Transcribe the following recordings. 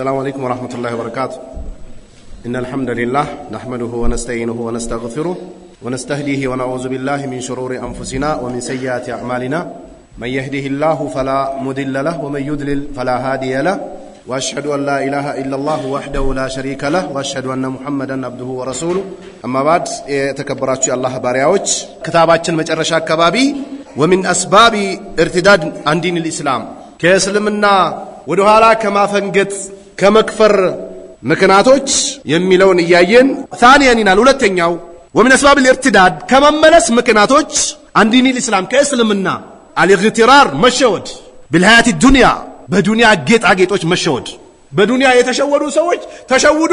السلام عليكم ورحمة الله وبركاته إن الحمد لله نحمده ونستعينه ونستغفره ونستهديه ونعوذ بالله من شرور أنفسنا ومن سيئات أعمالنا من يهده الله فلا مضل له ومن يضلل فلا هادي له وأشهد أن لا إله إلا الله وحده لا شريك له وأشهد أن محمدا عبده ورسوله أما بعد تكبرات الله بارياوج كتاباتشن مجرشا كبابي ومن أسباب ارتداد عن دين الإسلام كيسلمنا ودوها ودهالا كما فنقت ከመክፈር ምክንያቶች የሚለውን እያየን ታንያን ይላል። ሁለተኛው ወሚን አስባብ ልእርትዳድ ከመመለስ ምክንያቶች አንዲኒ ኢስላም ከእስልምና አልእግትራር መሸወድ ብልሀያት ዱንያ በዱንያ ጌጣጌጦች መሸወድ። በዱንያ የተሸወዱ ሰዎች ተሸውዶ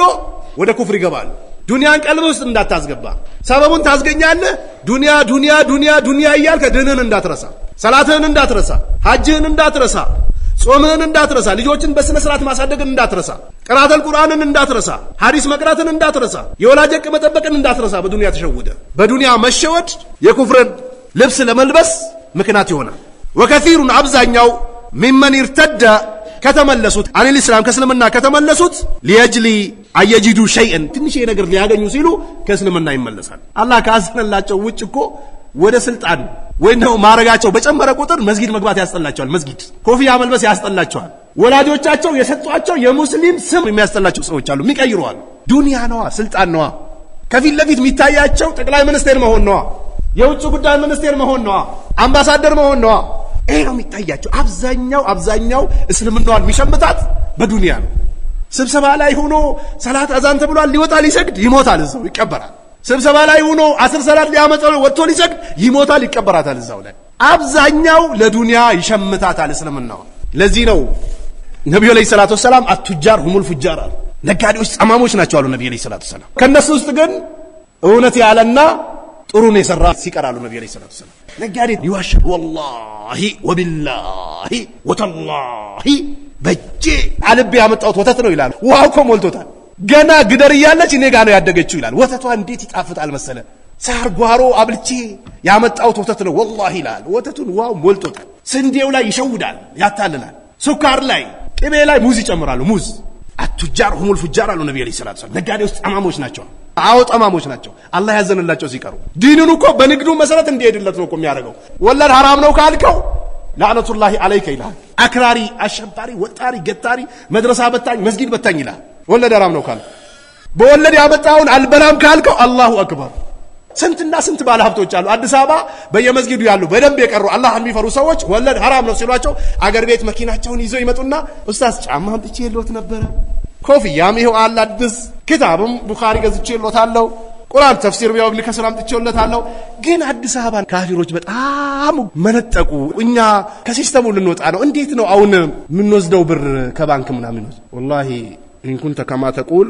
ወደ ኩፍር ይገባሉ። ዱንያን ቀልብ ውስጥ እንዳታስገባ፣ ሰበቡን ታስገኛለህ። ዱንያ ዱንያ ዱንያ ዱንያ እያልከ ድንህን እንዳትረሳ፣ ሰላትህን እንዳትረሳ፣ ሐጅህን እንዳትረሳ ጾምህን እንዳትረሳ፣ ልጆችን በስነ ስርዓት ማሳደግን እንዳትረሳ፣ ቅራተል ቁርአንን እንዳትረሳ፣ ሐዲስ መቅራትን እንዳትረሳ፣ የወላጅ ቅ መጠበቅን እንዳትረሳ። በዱንያ ተሸውደ በዱንያ መሸወድ የኩፍርን ልብስ ለመልበስ ምክንያት ይሆናል። ወከሲሩን አብዛኛው ሚመን ይርተደ ከተመለሱት አኒል ኢስላም ከእስልምና ከተመለሱት ሊየጅሊ አየጂዱ ሸይእን ትንሽ ነገር ሊያገኙ ሲሉ ከእስልምና ይመለሳል። አላህ ካዘነላቸው ውጭ እኮ ወደ ስልጣን ወይም ደግሞ ማረጋቸው በጨመረ ቁጥር መስጊድ መግባት ያስጠላቸዋል። መስጊድ ኮፍያ መልበስ ያስጠላቸዋል። ወላጆቻቸው የሰጧቸው የሙስሊም ስም የሚያስጠላቸው ሰዎች አሉ። የሚቀይረዋል። ዱንያ ነዋ፣ ስልጣን ነዋ። ከፊት ለፊት የሚታያቸው ጠቅላይ ሚኒስቴር መሆን ነዋ፣ የውጭ ጉዳይ ሚኒስቴር መሆን ነዋ፣ አምባሳደር መሆን ነዋ። ይሄ ነው የሚታያቸው። አብዛኛው አብዛኛው እስልምናዋን የሚሸምታት በዱንያ ነው። ስብሰባ ላይ ሆኖ ሰላት አዛን ተብሏል፣ ሊወጣ ሊሰግድ ይሞታል፣ እዛው ይቀበራል። ስብሰባ ላይ ሆኖ አስር ሰላት ሊያመጣ ወጥቶ ሊሰግድ ይሞታል፣ ይቀበራታል እዛው ላይ። አብዛኛው ለዱንያ ይሸምታታል እስልምናው። ለዚህ ነው ነቢዩ ዐለይሂ ሰላቱ ወሰላም አቱጃር ሁሙል ፉጃር አሉ። ነጋዴዎች ጸማሞች ናቸው አሉ ነቢዩ ዐለይሂ ሰላቱ ወሰላም። ከእነሱ ውስጥ ግን እውነት ያለና ጥሩን ነው የሰራ ሲቀራሉ ነቢዩ ዐለይሂ ሰላቱ ወሰላም። ነጋዴ ይዋሻል። ወላሂ ወቢላሂ ወተላሂ በእጄ አልቤ ያመጣሁት ወተት ነው ይላሉ። ውሃ እኮ ሞልቶታል። ገና ግደር እያለች እኔ ጋ ነው ያደገችው ይላል። ወተቷ እንዴት ይጣፍጣል መሰለ ሳር ጓሮ አብልቼ ያመጣሁት ወተት ነው ወላሂ ይላል። ወተቱን ዋው ሞልቶታል። ስንዴው ላይ ይሸውዳል፣ ያታልላል። ስኳር ላይ፣ ቅቤ ላይ ሙዝ ይጨምራሉ። ሙዝ አቱጃር ሁሙል ፉጃር አሉ ነቢ ዐለይሂ ሰላቱ ነጋዴ ውስጥ ጠማሞች ናቸው። አዎ ጠማሞች ናቸው። አላህ ያዘንላቸው ሲቀሩ ዲኑን እኮ በንግዱ መሰረት እንዲሄድለት ነው እኮ የሚያደርገው። ወለድ ሐራም ነው ካልከው ላዕነቱላሂ አለይከ ይልሃል። አክራሪ፣ አሸባሪ፣ ወጣሪ፣ ገታሪ፣ መድረሳ በታኝ፣ መስጊድ በታኝ ይልሃል። ወለድ አራም ነው ካል በወለድ ያመጣውን አልበላም ካልከው አላሁ አክበር። ስንትና ስንት ባለ ሀብቶች አሉ አዲስ አበባ በየመስጊዱ ያሉ በደንብ የቀሩ አላህ የሚፈሩ ሰዎች ወለድ ሀራም ነው ሲሏቸው አገር ቤት መኪናቸውን ይዘው ይመጡና ኡስታዝ ጫማ አምጥቼ የሎት ነበረ፣ ኮፍያም ይኸው አለ አዲስ ክታብም ቡኻሪ ገዝቼ የሎት ቁርአን ተፍሲር ቢያው ግል ከሰላም ጥቼውለታለሁ። ግን አዲስ አበባን ካፊሮች በጣም መነጠቁ። እኛ ከሲስተሙ ልንወጣ ነው። እንዴት ነው አሁን የምንወስደው ብር ከባንክ ምናምን? ወላሂ ኢን ኩንተ ከማ ተቁል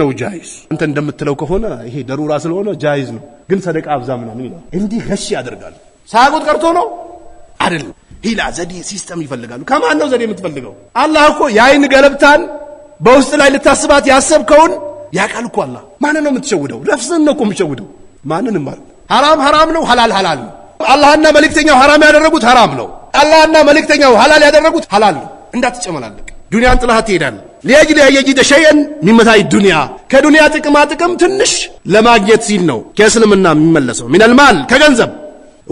ነው ጃይዝ አንተ እንደምትለው ከሆነ ይሄ ደሩራ ስለሆነ ጃይዝ ነው፣ ግን ሰደቃ አብዛ ምናምን ይላል። እንዲህ ረሺ ያደርጋሉ። ሳያውቁት ቀርቶ ነው አይደለም። ሂላ ዘዴ ሲስተም ይፈልጋሉ። ከማን ነው ዘዴ የምትፈልገው? አላህ እኮ የአይን ገለብታን በውስጥ ላይ ልታስባት ያሰብከውን ያውቃል እኮ አላህ። ማንን ነው የምትሸውደው? ነፍስህን ነው እኮ የምትሸውደው። ማንንም ማለት ሐራም ሐራም ነው፣ ሐላል ሐላል ነው። አላህና መልእክተኛው ሐራም ያደረጉት ሐራም ነው። አላህና መልእክተኛው ሐላል ያደረጉት ሐላል ነው። እንዳትጨመላለቅ። ዱንያን ጥላሃት ትሄዳለህ። ሊየጅሊ የጂደ ሸይን ሚመታይ ዱንያ ከዱንያ ጥቅማ ጥቅም ትንሽ ለማግኘት ሲል ነው ከእስልምና የሚመለሰው። ሚነል ማል ከገንዘብ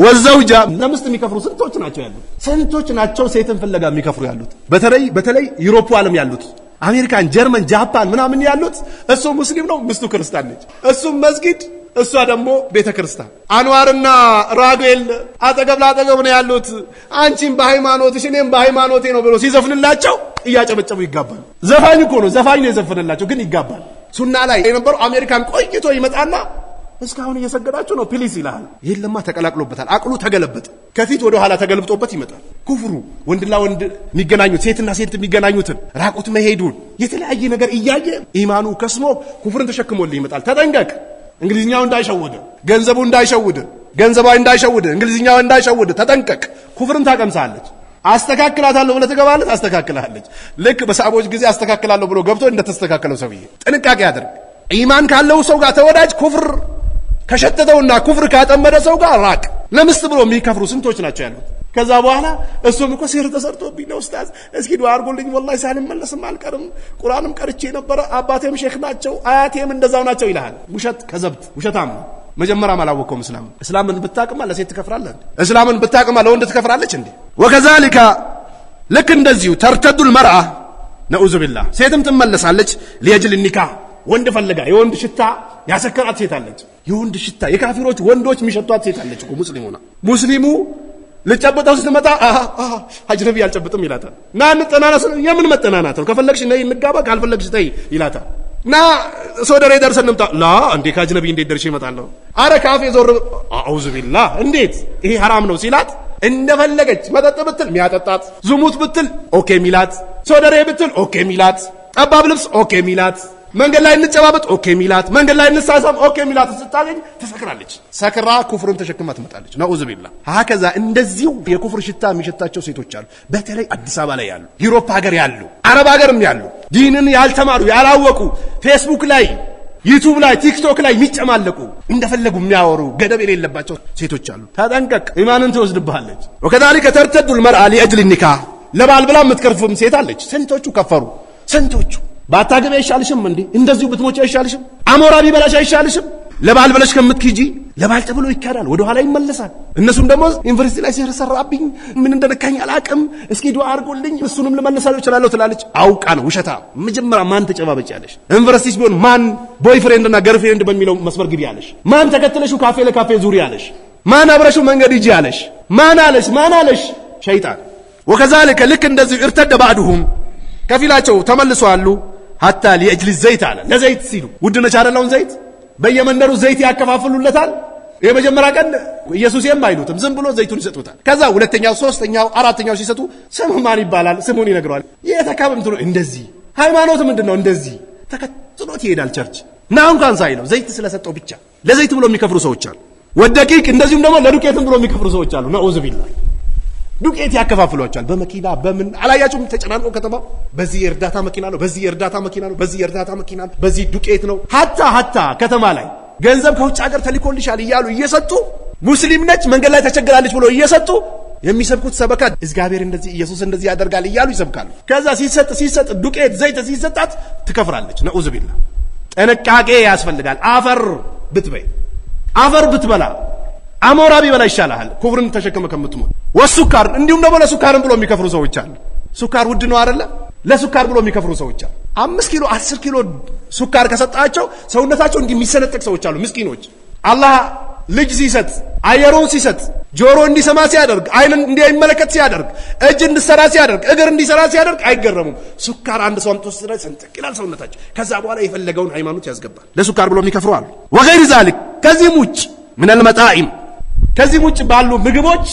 ወዘውጃ ለምስት የሚከፍሩ ስንቶች ናቸው ያሉት? ስንቶች ናቸው ሴትን ፍለጋ የሚከፍሩ ያሉት? በተለይ በተለይ ዩሮፕ ዓለም ያሉት አሜሪካን፣ ጀርመን፣ ጃፓን ምናምን ያሉት እሱ ሙስሊም ነው፣ ምስቱ ክርስቲያን ነች። እሱም መስጊድ እሷ ደግሞ ቤተ ክርስቲያን። አንዋርና ራጉኤል አጠገብ ላጠገብ ነው ያሉት። አንቺም በሃይማኖትሽ እኔም በሃይማኖቴ ነው ብሎ ሲዘፍንላቸው እያጨበጨቡ ይጋባል። ዘፋኝ እኮ ነው፣ ዘፋኝ ነው የዘፈነላቸው፣ ግን ይጋባል። ሱና ላይ የነበረው አሜሪካን ቆይቶ ይመጣና እስካሁን እየሰገዳችሁ ነው ፕሊስ ይልሃል። ይህን ለማ ተቀላቅሎበታል። አቅሉ ተገለበጠ። ከፊት ወደ ኋላ ተገልብጦበት ይመጣል። ኩፍሩ ወንድና ወንድ የሚገናኙት ሴትና ሴት የሚገናኙትን ራቁት መሄዱን የተለያየ ነገር እያየ ኢማኑ ከስሞ ኩፍርን ተሸክሞልህ ይመጣል። ተጠንቀቅ። እንግሊዝኛው እንዳይሸውድ፣ ገንዘቡ እንዳይሸውድ፣ ገንዘባ እንዳይሸውድ፣ እንግሊዝኛው እንዳይሸውድ ተጠንቀቅ። ኩፍርን ታቀምሳለች። አስተካክላታለሁ ብለህ ትገባለህ፣ አስተካክላለች። ልክ በሳቦች ጊዜ አስተካክላለሁ ብሎ ገብቶ እንደተስተካከለው ሰውዬ ጥንቃቄ አድርግ። ኢማን ካለው ሰው ጋር ተወዳጅ፣ ኩፍር ከሸተተውና ኩፍር ካጠመደ ሰው ጋር ራቅ። ለምስት ብሎ የሚከፍሩ ስንቶች ናቸው ያሉት? ከዛ በኋላ እሱም እኮ ሲህር ተሰርቶብኝ ነው ኡስታዝ፣ እስኪ ዱዓ አድርጎልኝ ወላሂ ሳልመለስም አልቀርም፣ ቁርአንም ቀርቼ ነበረ፣ አባቴም ሼክ ናቸው፣ አያቴም እንደዛው ናቸው ይልሃል። ውሸት ከዘብት ውሸታም ነው። መጀመሪያም አላወቀውም። እስላም እስላምን ብታቅማ ለሴት ትከፍራለህ፣ እስላምን ብታቅማ ለወንድ ትከፍራለች እንዴ? ወከዛሊካ ልክ እንደዚሁ ተርተዱል መርአ ነዑዙ ቢላህ ሴትም ትመለሳለች። ሊየጅል ኒካህ ወንድ ፈልጋ የወንድ ሽታ ያሰከራት ሴት አለች። የወንድ ሽታ የካፊሮች ወንዶች የሚሸቷት ሴት አለች እኮ ሙስሊሙ ሙስሊሙ ልጨብጠው ስትመጣ ሀጅ ነቢ አልጨብጥም ይላታል። ና እንጠናና፣ የምን መጠናናት ነው? ከፈለግሽ ነይ እንጋባ፣ ካልፈለግሽ ተይ ይላታል። ና ሶደሬ ደርሰን እንምጣ። ላ እንዴ ከሀጅ ነቢ እንዴት ደርሼ እመጣለሁ? አረ ካፌ ዞር፣ አዑዙ ቢላ እንዴት ይሄ ሐራም ነው ሲላት እንደፈለገች መጠጥ ብትል ሚያጠጣት፣ ዝሙት ብትል ኦኬ ሚላት፣ ሶደሬ ብትል ኦኬ ሚላት፣ ጠባብ ልብስ ኦኬ ሚላት መንገድ ላይ እንጨባበጥ ኦኬ ሚላት፣ መንገድ ላይ እንሳሳም ኦኬ ሚላት ስታገኝ ትሰክራለች። ሰክራ ኩፍርን ተሸክማ ትመጣለች። ነዑዝ ቢላ ሀከዛ። እንደዚሁ የኩፍር ሽታ የሚሸታቸው ሴቶች አሉ። በተለይ አዲስ አበባ ላይ ያሉ፣ ዩሮፕ ሀገር ያሉ፣ አረብ ሀገርም ያሉ ዲንን ያልተማሩ ያላወቁ፣ ፌስቡክ ላይ ዩቱብ ላይ ቲክቶክ ላይ የሚጨማለቁ እንደፈለጉ የሚያወሩ ገደብ የሌለባቸው ሴቶች አሉ። ተጠንቀቅ፣ ኢማንን ትወስድብሃለች። ወከዛሊከ ተርተዱ ልመርአ ሊአጅል ኒካህ ለባል ብላ የምትከርፍም ሴት አለች። ስንቶቹ ከፈሩ ስንቶቹ ባታገቢ አይሻልሽም እንዴ? እንደዚሁ ብትሞጪ አይሻልሽም? አሞራ ቢበላሽ አይሻልሽም? ለባል ብለሽ ከምትኪጂ ለባል ተብሎ ይካዳል፣ ወደ ኋላ ይመለሳል። እነሱም ደግሞ ዩኒቨርሲቲ ላይ ሲህር ሰራብኝ፣ ምን እንደነካኝ አላቅም፣ እስኪ ዱዓ አድርጎልኝ እሱንም ልመለሳለሁ እችላለሁ ትላለች። አውቃ ነው ውሸታ። መጀመሪያ ማን ተጨባበጭ ያለሽ? ዩኒቨርሲቲስ ቢሆን ማን ቦይፍሬንድና ገርፍሬንድ በሚለው መስመር ግቢ ያለሽ? ማን ተከትለሽው ካፌ ለካፌ ዙሪ ያለሽ? ማን አብረሽው መንገድ ይጂ ያለሽ? ማን አለሽ? ማን አለሽ? ሸይጣን ወከዛልከ ልክ እንደዚሁ እርተደ ባዕድሁም ከፊላቸው ተመልሶ አሉ ሀታ ሊእጅሊ ዘይት አለ ለዘይት ሲሉ ውድነች አደለውን ዘይት በየመንደሩ ዘይት ያከፋፍሉለታል። የመጀመሪያ ቀን ኢየሱስ የማይሉትም ዝም ብሎ ዘይቱን ይሰጡታል። ከዛ ሁለተኛው፣ ሶስተኛው፣ አራተኛው ሲሰጡ ስሙ ማን ይባላል? ስሙን ይነግረዋል። የተካበምት ነው። እንደዚህ ሃይማኖት ምንድን ነው? እንደዚህ ተከትሎት ይሄዳል። ቸርች ና እንኳን ሳይለው ዘይት ስለሰጠው ብቻ ለዘይት ብሎ የሚከፍሉ ሰዎች አሉ። ወደቂቅ እንደዚሁም ደግሞ ለዱቄትም ብሎ የሚከፍሉ ሰዎች አሉ። ነዑዝ ቢላህ ዱቄት ያከፋፍሏቸዋል። በመኪና በምን አላያችሁም? ተጨናንቆ ከተማ በዚህ የእርዳታ መኪና ነው፣ በዚህ የእርዳታ መኪና ነው፣ በዚህ የእርዳታ መኪና ነው፣ በዚህ ዱቄት ነው። ሀታ ሀታ ከተማ ላይ ገንዘብ ከውጭ ሀገር ተልኮልሻል እያሉ እየሰጡ ሙስሊም ነች መንገድ ላይ ተቸግራለች ብሎ እየሰጡ የሚሰብኩት ሰበካ እግዚአብሔር እንደዚህ ኢየሱስ እንደዚህ ያደርጋል እያሉ ይሰብካሉ። ከዛ ሲሰጥ ሲሰጥ ዱቄት ዘይት ሲሰጣት ትከፍራለች። ነዑዝ ቢላ ጥንቃቄ ያስፈልጋል። አፈር ብትበይ አፈር ብትበላ አሞራ ቢበላ ይሻላል ኩፍርን ተሸክመ ከምትሞት። ወሱካር እንዲሁም ደግሞ ለሱካርን ብሎ የሚከፍሩ ሰዎች አሉ። ሱካር ውድ ነው አይደለ? ለሱካር ብሎ የሚከፍሩ ሰዎች አሉ። አምስት ኪሎ አስር ኪሎ ሱካር ከሰጣቸው ሰውነታቸው እንዲህ የሚሰነጠቅ ሰዎች አሉ፣ ምስኪኖች። አላህ ልጅ ሲሰጥ አየሩን ሲሰጥ ጆሮ እንዲሰማ ሲያደርግ አይን እንዲመለከት ሲያደርግ እጅ እንዲሰራ ሲያደርግ እግር እንዲሰራ ሲያደርግ አይገረሙም። ሱካር አንድ ሰው አምጥቶ ስራ ሰንጠቅ ይላል ሰውነታቸው። ከዛ በኋላ የፈለገውን ሃይማኖት ያስገባል። ለሱካር ብሎ የሚከፍሩ አሉ። ወገይር ዛሊክ ከዚህም ውጭ ምን አልመጣኢም ከዚህ ውጭ ባሉ ምግቦች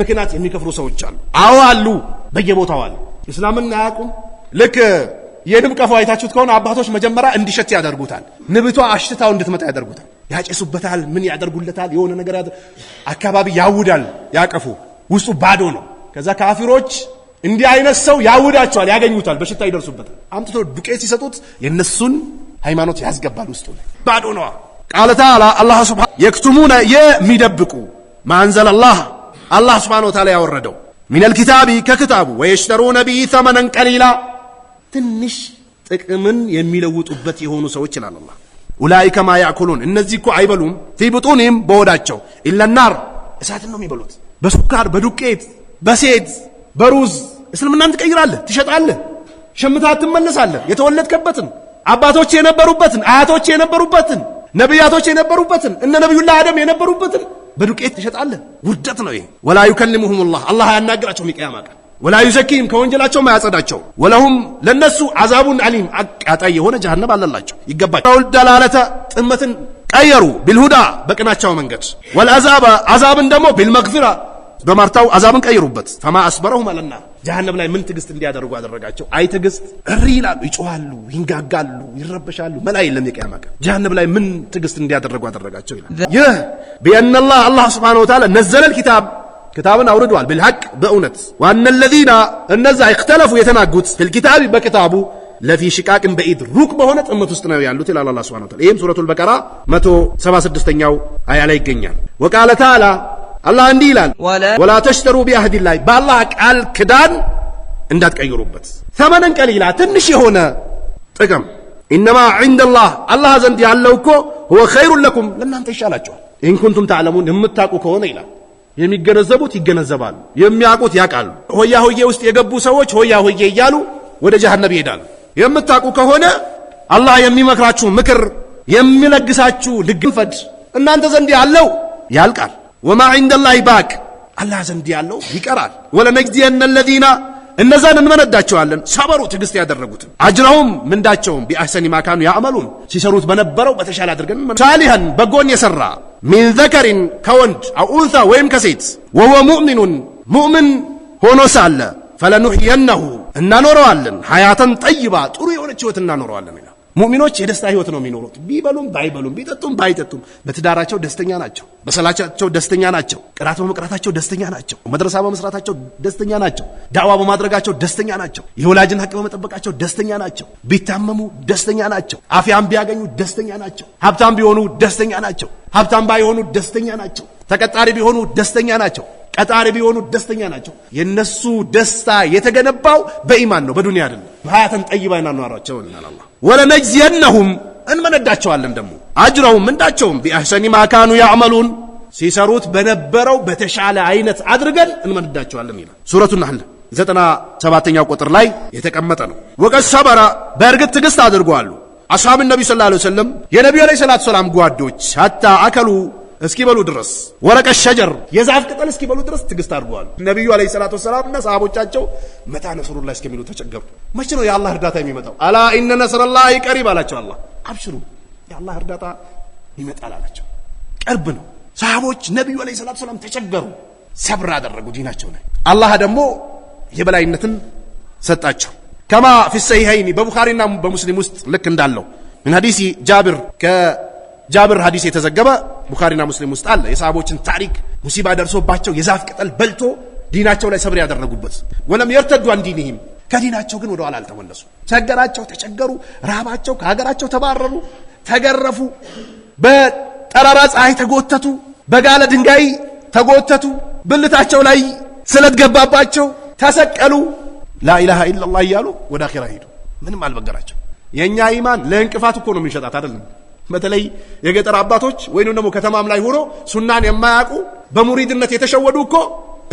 ምክንያት የሚከፍሉ ሰዎች አሉ። አዎ አሉ፣ በየቦታው አሉ። እስላምን አያውቁም። ልክ የንብ ቀፎ አይታችሁት ከሆነ አባቶች መጀመሪያ እንዲሸት ያደርጉታል። ንብቷ አሽትታው እንድትመጣ ያደርጉታል። ያጨሱበታል፣ ምን ያደርጉለታል፣ የሆነ ነገር አካባቢ ያውዳል። ያቀፉ ውስጡ ባዶ ነው። ከዛ ካፊሮች እንዲህ አይነት ሰው ያውዳቸዋል፣ ያገኙታል፣ በሽታ ይደርሱበታል። አምጥቶ ዱቄት ሲሰጡት የእነሱን ሃይማኖት ያስገባል ውስጡ ባዶ ነዋ። ቃለ ተዓላ አላህ ስብሓ የክቱሙነ የሚደብቁ ማንዘል አላህ አላህ ስብሓነሁ ወተዓላ ያወረደው ሚነል ኪታቢ ከክታቡ ወየሽተሩነ ቢሂ ተመነን ቀሊላ ትንሽ ጥቅምን የሚለውጡበት የሆኑ ሰዎች ይላል አላህ። ኡላኢከ ማ ያዕኩሉን እነዚህ እኮ አይበሉም። ፊ በወዳቸው በሆዳቸው ኢለናር እሳትን ነው የሚበሉት። በሱካር በዱቄት በሴት በሩዝ እስልምናን ትቀይራለህ፣ ትሸጣለህ፣ ሸምታት ትመለሳለህ። የተወለድከበትን አባቶች የነበሩበትን አያቶች የነበሩበትን ነቢያቶች የነበሩበትን እነ ነቢዩላህ አደም የነበሩበትን በዱቄት ትሸጣለህ? ውርደት ነው ይሄ። ወላ ዩከልሙሁም ላህ አላህ አያናግራቸውም የቅያማ ቀን ወላ ዩዘኪህም ከወንጀላቸውም አያጸዳቸው። ወለሁም ለነሱ አዛቡን አሊም አቃጣይ የሆነ ጀሃነም አለላቸው ይገባቸው። ደላለተ ጥመትን ቀየሩ ቢልሁዳ በቅናቸው መንገድ ወልአዛባ አዛብን ደግሞ ቢልመግፊራ በማርታው አዛብን ቀይሩበት። ፈማ አስበረሁም አለና ጀሃነም ላይ ምን ትዕግስት እንዲያደርጉ አደረጋቸው። አይ ትዕግስት እሪ ይላሉ፣ ይጮኋሉ፣ ይንጋጋሉ፣ ይረበሻሉ። መላ የለም የቅያማ ቀን ጀሃነም ላይ ምን ትዕግስት እንዲያደርጉ አደረጋቸው ይላል። ይህ ቢአነላህ አላህ ስብሓነሁ ወተዓላ ነዘለል ኪታብ ክታብን አውርደዋል ብልሐቅ በእውነት ዋነ ለዚና እነዛ ይክተለፉ የተናጉት ፊልኪታቢ በክታቡ ለፊ ሽቃቅን በኢድ ሩቅ በሆነ ጥመት ውስጥ ነው ያሉት ይላል አላህ ሱብሓነሁ ወተዓላ። ይህም ሱረቱል በቀራ 176ኛው አያ ላይ ይገኛል። ወቃለ ተዓላ አላህ እንዲህ ይላል፣ ወላ ተሽተሩ ቢአህዲላይ በአላህ ቃል ክዳን እንዳትቀይሩበት። ሰመነን ቀሊላ ትንሽ የሆነ ጥቅም ኢነማ ዒንደላህ አላህ ዘንድ ያለው እኮ ሁወ ኸይሩን ለኩም ለእናንተ ይሻላቸዋል። ኢን ተዕለሙን የምታውቁ ከሆነ ይላል። የሚገነዘቡት ይገነዘባሉ፣ የሚያውቁት ያውቃሉ። ሆያ ሆዬ ውስጥ የገቡ ሰዎች ሆያ ሆዬ እያሉ ወደ ጀሃነብ ይሄዳሉ። የምታውቁ ከሆነ አላህ የሚመክራችሁ ምክር የሚለግሳችሁ ልግፈድ እናንተ ዘንድ ያለው ያልቃል። ወማ ዒንደላሂ ባክ አላህ ዘንድ ያለው ይቀራል። ወለነጅዚየነ ለዚነ እነዛን እንመነዳቸዋለን ሰበሩ ትዕግስት ያደረጉትን አጅረሁም ምንዳቸውም ቢአሕሰኒ ማካኑ ያዕመሉን ሲሰሩት በነበረው በተሻለ አድርገን ሳሊሃን በጎን የሰራ ሚን ዘከሪን ከወንድ አው ኡንሳ ወይም ከሴት ወሁወ ሙእሚኑን ሙእምን ሆኖ ሳለ ፈለኑሕየነሁ እናኖረዋለን ሐያተን ጠይባ ጥሩ የሆነች ሕይወት እናኖረዋለን። ሙሚኖች የደስታ ህይወት ነው የሚኖሩት። ቢበሉም ባይበሉም ቢጠጡም ባይጠጡም በትዳራቸው ደስተኛ ናቸው። በሰላቻቸው ደስተኛ ናቸው። ቅራት በመቅራታቸው ደስተኛ ናቸው። መድረሳ በመስራታቸው ደስተኛ ናቸው። ዳዋ በማድረጋቸው ደስተኛ ናቸው። የወላጅን ሀቅ በመጠበቃቸው ደስተኛ ናቸው። ቢታመሙ ደስተኛ ናቸው። አፍያም ቢያገኙ ደስተኛ ናቸው። ሀብታም ቢሆኑ ደስተኛ ናቸው። ሀብታም ባይሆኑ ደስተኛ ናቸው። ተቀጣሪ ቢሆኑ ደስተኛ ናቸው። ቀጣሪ ቢሆኑ ደስተኛ ናቸው። የነሱ ደስታ የተገነባው በኢማን ነው፣ በዱንያ አይደለም። ሀያተን ጠይባ እናኗሯቸው እናላላ ወለነጅዚየነሁም እንመነዳቸዋለን ደግሞ አጅረውም እንዳቸውም ቢአሕሰኒ ማካኑ ያዕመሉን ሲሰሩት በነበረው በተሻለ አይነት አድርገን እንመነዳቸዋለን ይላል ሱረቱ ናህል ዘጠና ሰባተኛው ቁጥር ላይ የተቀመጠ ነው። ወቀት ሰበረ በእርግጥ ትዕግሥት አድርጓሉ አስሓብ ነቢ ስ ላ ሰለም የነቢዩ ለ ሰላት ሰላም ጓዶች ሀታ አከሉ እስኪበሉ ድረስ ወረቀ ሸጀር የዛፍ ቅጠል እስኪበሉ ድረስ ትግስት አድርገዋል። ነቢዩ አለይሂ ሰላቱ ወሰላም እና ሰሃቦቻቸው መታ ነስሩላህ እስከሚሉ ተቸገሩ። መቼ ነው የአላህ እርዳታ የሚመጣው? አላ ኢነ ነስረላሂ ቀሪብ አላቸው። አላህ አብሽሩ፣ የአላህ እርዳታ ይመጣል አላቸው። ቅርብ ነው። ሰሃቦች ነቢዩ አለይሂ ሰላቱ ወሰላም ተቸገሩ። ሰብር አደረጉ ዲናቸው ላይ። አላህ ደግሞ የበላይነትን ሰጣቸው። ከማ ፊ ሰሂሀይኒ በቡኻሪና በሙስሊም ውስጥ ልክ እንዳለው ምን ሐዲሲ ጃብር ጃብር ሐዲስ የተዘገበ ቡኻሪና ሙስሊም ውስጥ አለ። የሰሃቦችን ታሪክ ሙሲባ ደርሶባቸው የዛፍ ቅጠል በልቶ ዲናቸው ላይ ሰብር ያደረጉበት ወለም የርተዱ አንዲንህም ከዲናቸው ግን ወደኋላ አልተመለሱ። ቸገራቸው፣ ተቸገሩ፣ ረሃባቸው፣ ከሀገራቸው ተባረሩ፣ ተገረፉ፣ በጠራራ ፀሐይ ተጎተቱ፣ በጋለ ድንጋይ ተጎተቱ፣ ብልታቸው ላይ ስለት ገባባቸው፣ ተሰቀሉ። ላኢላሃ ኢለላህ እያሉ ወደ አኼራ ሄዱ። ምንም አልበገራቸው። የእኛ ኢማን ለእንቅፋት እኮ ነው የምንሸጣት አይደለም። በተለይ የገጠር አባቶች ወይንም ደግሞ ከተማም ላይ ሆኖ ሱናን የማያውቁ በሙሪድነት የተሸወዱ እኮ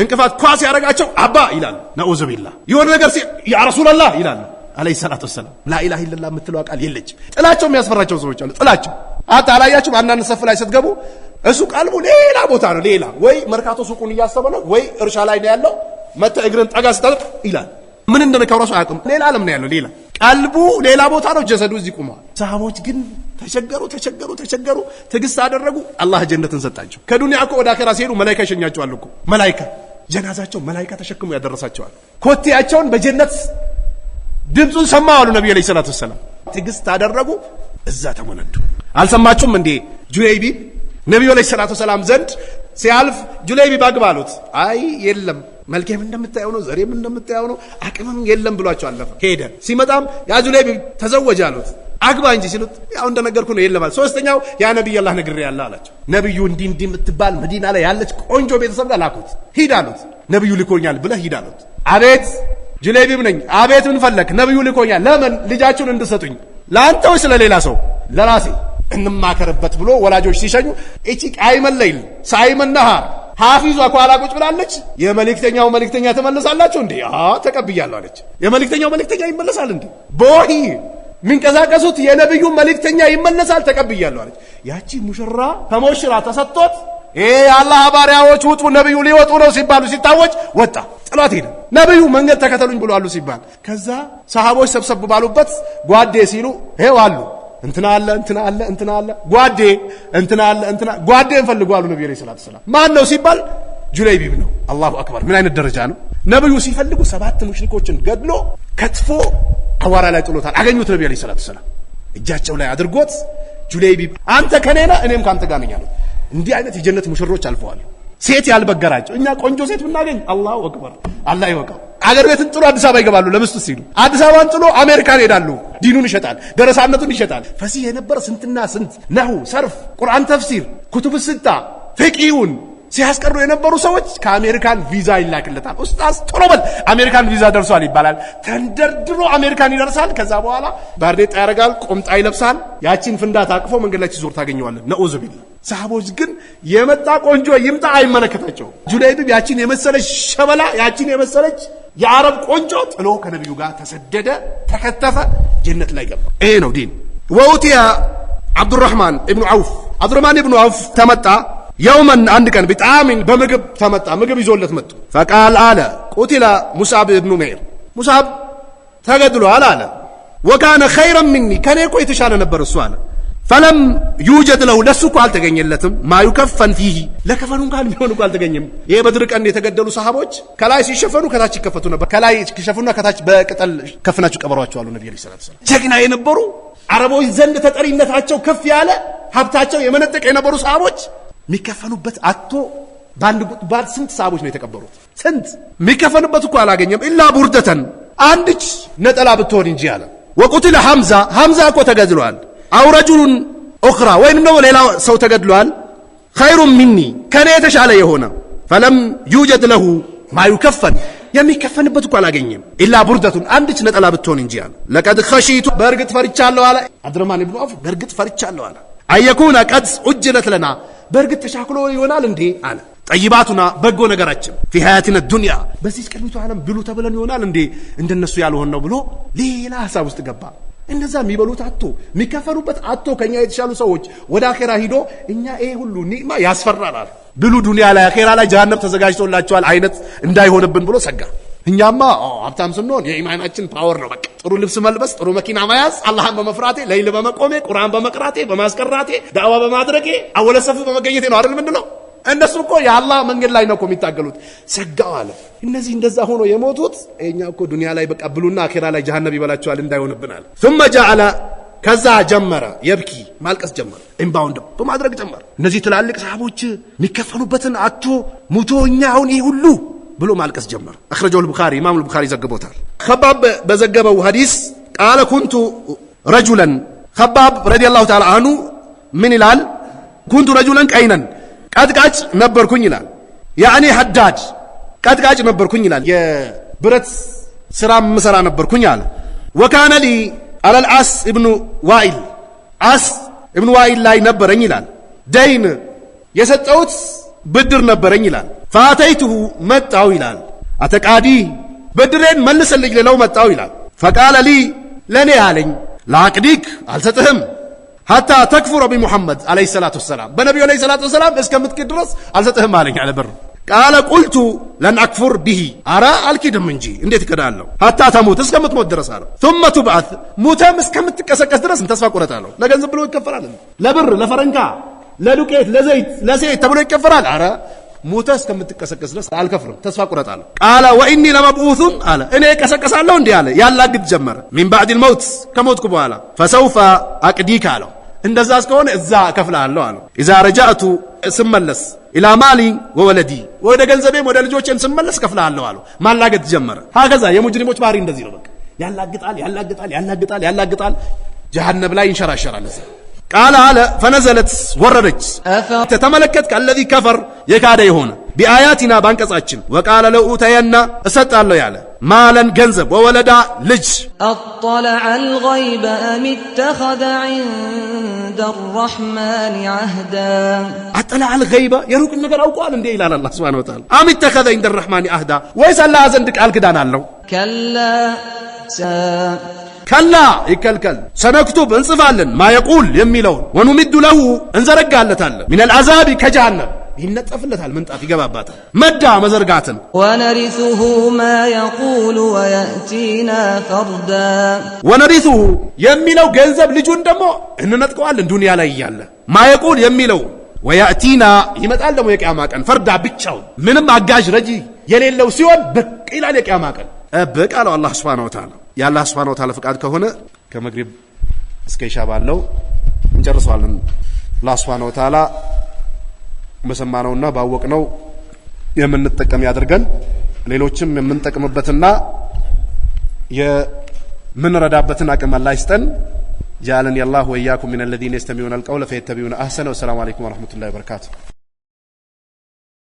እንቅፋት ኳስ ያደረጋቸው አባ ይላሉ። ነዑዙ ቢላ የሆነ ነገር ያ ረሱላላህ ይላሉ አለይሂ ሰላቱ ወሰላም። ላኢላሃ ኢለላህ የምትለው ቃል የለች። ጥላቸው የሚያስፈራቸው ሰዎች አሉ። ጥላቸው አታ አላያችሁም? አንዳንድ ሰፍ ላይ ስትገቡ እሱ ቃልቡ ሌላ ቦታ ነው። ሌላ ወይ መርካቶ ሱቁን እያሰበ ነው፣ ወይ እርሻ ላይ ነው ያለው። መተ እግርን ጠጋ ስታጠ ይላል። ምን እንደነካው ራሱ አያውቅም። ሌላ ዓለም ነው ያለው ሌላ ቀልቡ ሌላ ቦታ ነው፣ ጀሰዱ እዚህ ቁመዋል። ሰሃቦች ግን ተቸገሩ ተቸገሩ ተቸገሩ፣ ትዕግስት አደረጉ። አላህ ጀነትን ሰጣቸው። ከዱንያ እኮ ወደ አከራ ሲሄዱ መላይካ ይሸኛቸዋል እኮ መላይካ፣ ጀናዛቸው መላይካ ተሸክሞ ያደረሳቸዋል። ኮቴያቸውን በጀነት ድምፁን ሰማዋሉ ነቢዩ ዓለይሂ ሰላቱ ወሰላም። ትዕግስት አደረጉ፣ እዛ ተሞነዱ። አልሰማችሁም እንዴ ጁዌይቢ ነቢዩ ዓለይሂ ሰላቱ ወሰላም ዘንድ ሲያልፍ ጁለይቢብ አግባ ባሉት አይ የለም መልኬም እንደምታየው ነው፣ ዘሬም እንደምታየው ነው፣ አቅምም የለም ብሏቸው አለፈ። ሄደ። ሲመጣም ያ ጁለይቢብ ተዘወጀ አሉት። አግባ እንጂ ሲሉት ያው እንደነገርኩ ነው የለም አለ። ሶስተኛው ያ ነቢይ አላህ ነግሬ ያለ አላቸው። ነቢዩ እንዲህ እንዲህ የምትባል መዲና ላይ ያለች ቆንጆ ቤተሰብ ጋር ላኩት። ሂድ አሉት። ነቢዩ ልኮኛል ብለህ ሂድ አሉት። አቤት ጁለይቢብ ነኝ። አቤት ምን ፈለክ? ነቢዩ ልኮኛል። ለምን ልጃችሁን እንድሰጡኝ ለአንተ ወይ ስለ ሌላ ሰው ለራሴ እንማከርበት ብሎ ወላጆች ሲሸኙ እቺ ቃይመን ለይል ሳይመን ነሃር ሐፊዟ ከኋላ ቁጭ ብላለች። የመልእክተኛው መልእክተኛ ትመልሳላችሁ እንዴ? አዎ ተቀብያለሁ አለች። የመልእክተኛው መልእክተኛ ይመለሳል እንዴ? በወሂ የሚንቀሳቀሱት የነቢዩ መልእክተኛ ይመለሳል። ተቀብያለሁ አለች። ያቺ ሙሽራ ከሞሽራ ተሰጥቶት ይሄ የአላህ ባሪያዎች ውጡ፣ ነቢዩ ሊወጡ ነው ሲባሉ ሲታወጭ ወጣ፣ ጥሏት ሄደ። ነቢዩ መንገድ ተከተሉኝ ብሎ አሉ ሲባል ከዛ ሰሃቦች ሰብሰብ ባሉበት ጓዴ ሲሉ ይሄው አሉ እንትና አለ እንትና አለ እንትና አለ ጓዴ እንትና አለ እንትና ጓዴ እንፈልገዋሉ። ነብዩ ሰለላሁ ዐለይሂ ወሰለም ማን ነው ሲባል ጁለይቢብ ነው። አላሁ አክበር! ምን አይነት ደረጃ ነው! ነብዩ ሲፈልጉ ሰባት ሙሽሪኮችን ገድሎ ከትፎ አዋራ ላይ ጥሎታል። አገኙት ነብዩ ሰለላሁ ዐለይሂ ወሰለም እጃቸው ላይ አድርጎት ጁለይቢብ አንተ ከኔና እኔም ካንተ ጋር ነኝ አሉት። እንዲህ አይነት የጀነት ሙሽሮች አልፈዋል። ሴት ያልበገራቸው እኛ ቆንጆ ሴት ብናገኝ አላሁ አክበር አላ ይወቀው። አገር ቤትን ጥሎ አዲስ አበባ ይገባሉ ለምስቱ ሲሉ፣ አዲስ አበባን ጥሎ አሜሪካን ይሄዳሉ። ዲኑን ይሸጣል፣ ደረሳነቱን ይሸጣል። ፈሲህ የነበረ ስንትና ስንት ነሁ፣ ሰርፍ፣ ቁርአን፣ ተፍሲር፣ ኩቱብ ስታ፣ ፍቂውን ሲያስቀሩ የነበሩ ሰዎች ከአሜሪካን ቪዛ ይላክለታል። ኡስታዝ ቶሎ በል አሜሪካን ቪዛ ደርሷል ይባላል። ተንደርድሮ አሜሪካን ይደርሳል። ከዛ በኋላ ባርኔጣ ያደርጋል፣ ቆምጣ ይለብሳል። ያቺን ፍንዳ ታቅፎ መንገድ ላይ ሲዞር ታገኘዋለን። ነኡዙ ቢላ። ሰሃቦች ግን የመጣ ቆንጆ ይምጣ አይመለከታቸውም። ጁናይድም ያቺን የመሰለች ሸበላ፣ ያቺን የመሰለች የአረብ ቆንጆ ጥሎ ከነቢዩ ጋር ተሰደደ፣ ተከተፈ፣ ጀነት ላይ ገባ። ይሄ ነው ዲን። ወውቲያ አብዱራህማን እብኑ አውፍ አብዱራህማን እብኑ አውፍ ተመጣ የውመን አንድ ቀን ቢጣሚን በምግብ ተመጣ ምግብ ይዞለት መጡ። ፈቃል አለ ቁቲላ ሙሳብ እብኑ ዑመይር ሙስዓብ ተገድሏል አለ። ወካነ ኸይረን ሚኒ ከኔ እኮ የተሻለ ነበር እሱ አለ። ፈለም ዩጀድ ለሁ ለሱ እኮ አልተገኘለትም። ማዩከፈን ፊሂ ለከፈኑ እንኳን የሚሆን እኮ አልተገኘም። ይሄ በድር ቀን የተገደሉ ሰሃቦች ከላይ ሲሸፈኑ ከታች ይከፈቱ ነበር። ከላይ ሲሸፈኑና ከታች በቅጠል ከፍናቸው ቀበሯቸው አሉ ነብዩ ሰለላሁ ዐለይሂ ጀግና የነበሩ አረቦች ዘንድ ተጠሪነታቸው ከፍ ያለ ሀብታቸው የመነጠቅ የነበሩ ሰሃቦች የሚከፈኑበት አቶ ባል ስንት ሳቦች ነው የተቀበሩት? ስንት የሚከፈሉበት እኮ አላገኘም። ኢላ ቡርደተን አንድች ነጠላ ብትሆን እንጂ አለ። ወቁትለ ሐምዛ ሐምዛ እኮ ተገድሏል። አው ረጁሉን ኡኽራ ደግሞ ሌላ ሰው ተገድሏል። ኸይሩን ሚኒ ከኔ የተሻለ የሆነ ፈለም ዩጀድ ለሁ ማዩከፈል የሚከፈንበት እኮ አላገኘም። ኢላ ቡርደቱን አንድች ነጠላ ብትሆን እንጂ አለ። ለቀድ ኸሺቱ በእርግጥ ፈርቻለሁ አለ። አብዱረህማን ብኑ አውፍ በእርግጥ ፈርቻለሁ አለ። አየኩነ ቀድ ዑጅለት ለና በእርግጥ ተሻክሎ ይሆናል እንዴ አለ ጠይባቱና በጎ ነገራችን ፊ ሀያቲነ ዱንያ በዚህ ቀድሚቱ ዓለም ብሉ ተብለን ይሆናል እንዴ እንደነሱ ያልሆን ነው ብሎ ሌላ ሀሳብ ውስጥ ገባ። እንደዛ የሚበሉት አቶ የሚከፈሉበት አቶ ከኛ የተሻሉ ሰዎች ወደ አኼራ ሂዶ እኛ ይሄ ሁሉ ኒዕማ ያስፈራናል፣ ብሉ ዱንያ ላይ አኼራ ላይ ጀሃነም ተዘጋጅቶላቸዋል አይነት እንዳይሆንብን ብሎ ሰጋ። እኛማ ሀብታም ስንሆን የኢማናችን ፓወር ነው። በቃ ጥሩ ልብስ መልበስ፣ ጥሩ መኪና መያዝ፣ አላህን በመፍራቴ፣ ለይል በመቆሜ፣ ቁርአን በመቅራቴ፣ በማስቀራቴ፣ ዳዕዋ በማድረጌ፣ አወለሰፍ በመገኘቴ ነው አይደል? ምንድነው እነሱ እኮ የአላህ መንገድ ላይ ነው እኮ የሚታገሉት። ሰጋው አለ እነዚህ እንደዛ ሆኖ የሞቱት እኛ እኮ ዱንያ ላይ በቃ ብሉና አኼራ ላይ ጀሃነብ ይበላቸዋል እንዳይሆንብናል። ሱመ ጃአለ ከዛ ጀመረ የብኪ ማልቀስ ጀመረ። እምባውን በማድረግ ጀመረ። እነዚህ ትላልቅ ሰሃቦች የሚከፈሉበትን አቶ ሙቶ እኛ አሁን ይህ ሁሉ ብሎ ማልቀስ ጀመር። አክረጀው ልቡኻሪ ኢማም ልቡኻሪ ዘግቦታል። ከባብ በዘገበው ሀዲስ ቃለ ኩንቱ ረጁለን ከባብ ረዲየላሁ ተዓላ አኑ ምን ይላል? ኩንቱ ረጁለን ቀይነን ቀጥቃጭ ነበርኩኝ ይላል። ያዕኒ ሀዳድ ቀጥቃጭ ነበርኩኝ ይላል። የብረት ስራ ምሰራ ነበርኩኝ አለ። ወካነ ሊ አለል አስ እብኑ ዋኢል አስ እብኑ ዋኢል ላይ ነበረኝ ይላል። ደይን የሰጠውት ብድር ነበረኝ ይላል። ፋተይቱሁ መጣው ይላል። አተቃዲ ብድሬን መልስልኝ ልለው መጣው ይላል። ፈቃለ ሊ ለእኔ አለኝ ለአቅዲክ አልሰጥህም ሐታ ተክፉረ ቢሙሐመድ ዓለይሂ ሰላቱ ወሰላም በነቢዩ ዓለይሂ ሰላቱ ወሰላም እስከምትክድ ድረስ አልሰጥህም አለኝ አለ ብር ቃለ ቁልቱ ለን አክፉር ቢሂ አረ አልኪድም እንጂ እንዴት እክዳለሁ? ሐታ ተሙት እስከምትሞት ድረስ አለ። ቱመ ቱብዓት ሙተም እስከምትቀሰቀስ ድረስ ተስፋ ቆረጥ አለው። ለገንዘብ ብሎ ይከፈላል ለብር ለፈረንካ ለዱቄት ለዘይት ለሴት ተብሎ ይከፈራል። አረ ሙተ እስከምትቀሰቀስ ድረስ አልከፍርም፣ ተስፋ ቁረጥ አለ። ቃለ ወኢኒ ለመብዑቱን አለ እኔ እቀሰቀሳለሁ እንዲህ አለ። ያላግጥ ጀመረ። ሚን ባዕድ ልመውት ከሞትኩ በኋላ ፈሰውፈ አቅዲክ አለው። እንደዛ እስከሆነ እዛ እከፍልሃለሁ አለው። ኢዛ ረጃእቱ ስመለስ ኢላ ማሊ ወወለዲ ወደ ገንዘቤም ወደ ልጆቼም ስመለስ እከፍልሃለሁ አለው። ማላገጥ ጀመረ። ሀገዛ የሙጅሪሞች ባህሪ እንደዚህ ነው። በቃ ያላግጣል፣ ያላግጣል፣ ያላግጣል፣ ያላግጣል። ጀሃነም ላይ ይንሸራሸራል እዛ ቃል አለ ፈነዘለት ወረደች። ተመለከት አለዚ ከፈር የካደ የሆነ ቢአያቲና ባንቀጻችን ወቃለ ለኡተየና እሰጣለሁ ያለ ማለን ገንዘብ ወወለዳ ልጅ አጠለዐ አልገይበ አም ተኸዘ ዐንደ አርረሕማን ዐህዳ አጠለዐ አልገይበ የሩቅን ነገር አውቀዋል እንዴ ይላል አላህ ሱብሓነሁ ወተዓላ። አም ተኸዘ ዐንደ አርረሕማን ዐህዳ ወይስ አላህ ዘንድ ቃል ክዳን አለው? ከላ ከላ ይከልከል ሰነክቱብ እንጽፋለን ማየቁል የሚለውን ወኑሚዱ ለሁ እንዘረጋለታለን ሚነል አዛቢ ከጀሃነም ይነጠፍለታል ምንጣፍ ይገባባታል። መዳ መዘርጋትን ወነሪሱሁ ማ የቁሉ ወየእቲና ፈርዳ ወነሪሱሁ የሚለው ገንዘብ ልጁን ደግሞ እንነጥቀዋለን። ዱንያ ላይ እያለ ማየቁል የሚለው ወየእቲና ይመጣል ደግሞ የቅያማ ቀን ፈርዳ ብቻው ምንም አጋዥ ረጂ የሌለው ሲሆን ብቅ ይላል የቅያማ ቀን ብቅ አለው አላህ ስብሓነሁ ወተዓላ የአላህ ስብሃነ ወተዓላ ፍቃድ ከሆነ ከመግሪብ እስከ ኢሻ ባለው እንጨርሰዋለን። አላህ ስብሃነ ወተዓላ በሰማነውና ባወቅነው የምንጠቀም ያድርገን። ሌሎችም የምንጠቅምበትና የምንረዳበትን አቅም አላህ ይስጠን። ጃአለን የላሁ ወኢያኩም ሚን አለዚነ የስተሚዑነ አልቀውለ ፈየተቢዑነ አህሰነ። ወሰላሙ አለይኩም ወረሕመቱላሂ ወበረካቱ።